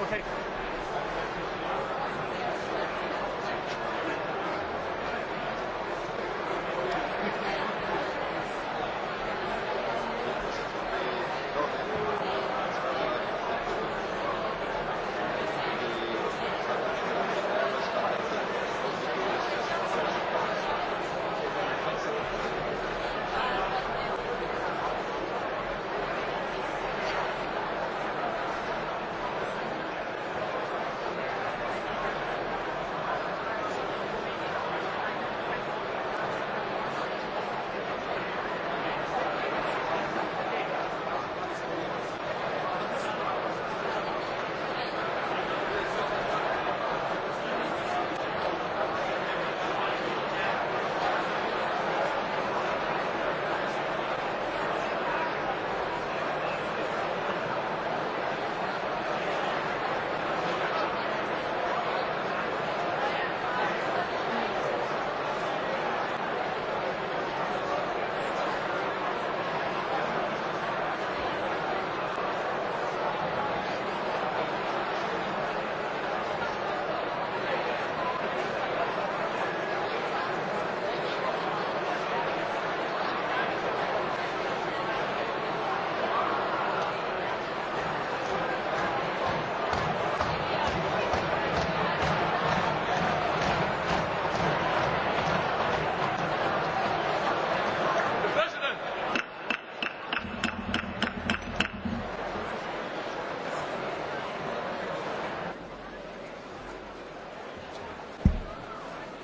Ah, okay.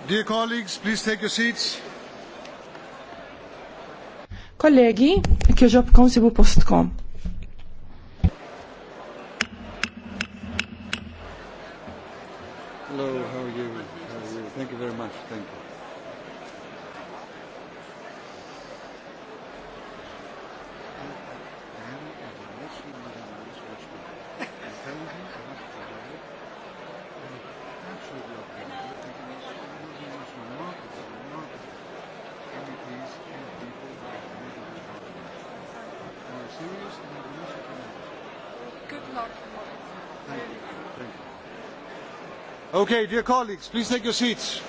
Dear colleagues, please take your seats. Kollegi, kjoġobkom sibu postkom. Okay, dear colleagues, please take your seats.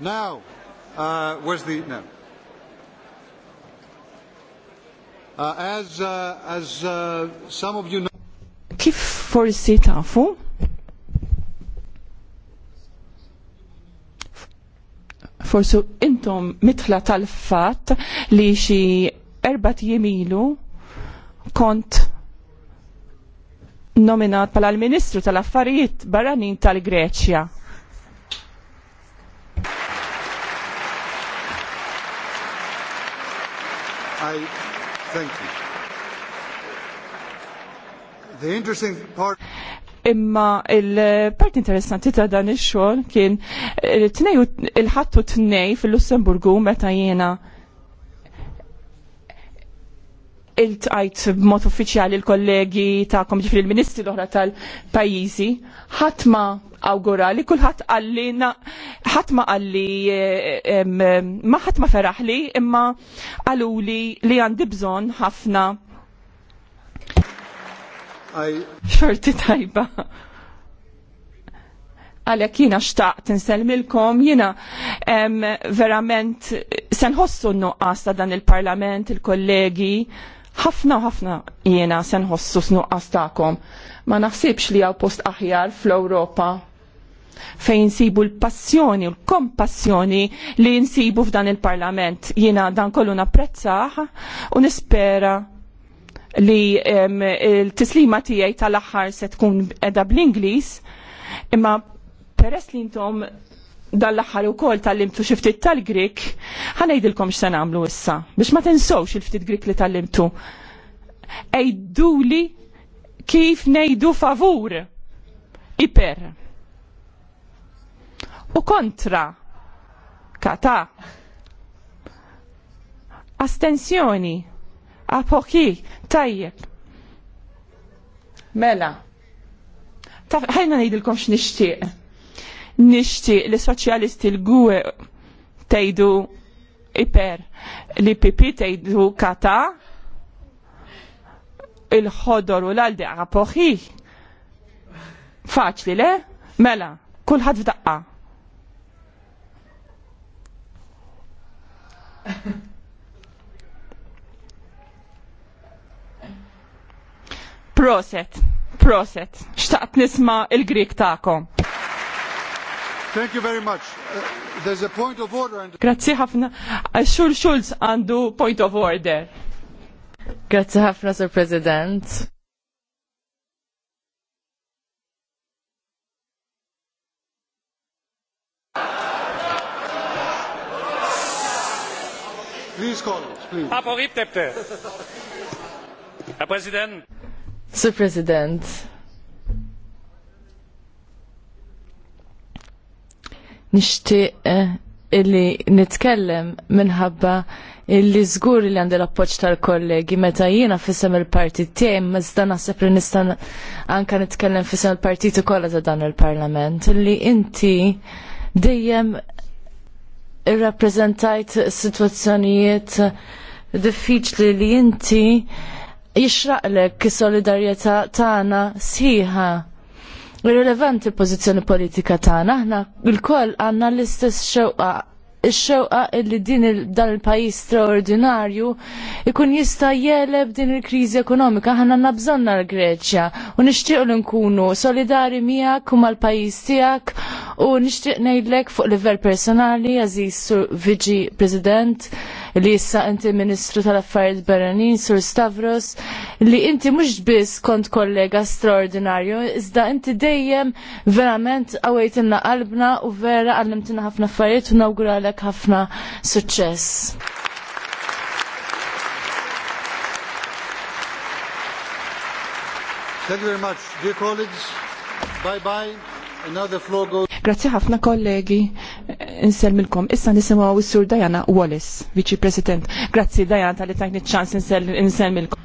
Now, uh, where's the no? Uh, as uh, as uh, some of you know. Kif forsi tafu? forsu intom mitħla tal-fat li xi erbat jemilu kont nominat pala l-Ministru tal-Affarijiet Barranin tal-Greċja. I thank you. The interesting part imma il-part interessanti ta' dan ix-xogħol kien eh, il-ħattu tnej fil-Lussemburgu meta jiena il-tqajt b'mod uffiċjali l-kollegi ta' komġi fil ministri l-oħra tal-pajjiżi, ħadd ma awgura li kulħadd qalli ħadd ma qalli eh, ma ħadd ma feraħli imma qaluli li għandi bżonn ħafna Xorti tajba. Għalek jina xtaqt nselmilkom, jina verament senħossu n-nuqqas ta' dan il-parlament, il-kollegi, ħafna ħafna jena senħossu s-nuqqas ta'kom. Ma naħsibx li għaw post aħjar fl-Europa fejn nsibu l-passjoni, l-kompassjoni li nsibu f'dan il-parlament. Jiena, dan kollu napprezzaħ u nispera li il tislima tiegħi tal-aħħar se tkun edha bl-Ingliż, imma peress li intom dal-aħħar kol tal-limtu xi ftit tal-Grik, ħanejdilkom x'se nagħmlu issa biex ma tinsewx il-ftit Grik li tal-limtu. li kif nejdu favur iper u kontra kata astensjoni apoki Tajjeb. Mela. Taf, ħajna nejdilkom x'nixtieq. Nixtieq li soċjalisti l-gwe tgħidu iper li pipi tgħidu kata il-ħodor u l-għaldi għapoħi. Faċli le? Mela, kulħadd f'daqqa. Proset, proset, xtaqt nisma il-Grik ta'kom. Thank you very much. Uh, there's a point of order. Grazie Grazzi ħafna. Xul uh, Schulz għandu point of order. Grazie ħafna, Sir President. Please call us, please. Herr Präsident. Sir President, nishtiq eh, illi nitkellem minħabba illi żgur li għandi l-appoġġ tal-kollegi meta jiena fisem il-partit tiegħi iżda naħseb li nista' anke nitkellem fisem il partit kollha ta' dan il-Parlament illi inti dejjem irrappreżentajt sitwazzjonijiet diffiċli li inti jixraqlek solidarjetà tagħna sħiħa. Rilevanti pożizzjoni politika tagħna, aħna l-koll għandna l-istess xewqa ix-xewqa illi din dan il-pajjiż straordinarju ikun jista' jeleb din il-kriżi ekonomika ħanna nabżonna l-Greċja u nixtieq li nkunu solidari miegħek u mal-pajjiż tiegħek u nixtieq ngħidlek fuq livell personali Aziz Viġi President li issa inti Ministru tal-Affarijiet Barranin Sur Stavros li inti mhux biss kont kollega straordinarju iżda inti dejjem verament għawajtinna qalbna u vera għallimtina ħafna affarijiet u nawguralek ħafna suċċess. Thank you very much, dear colleagues. Bye bye. Another floor goes. Grazie ħafna kollegi milkom. Issa nisimaw s sur Diana Wallis, viċi President. Grazzi Diana tal-li tajni ċans milkom.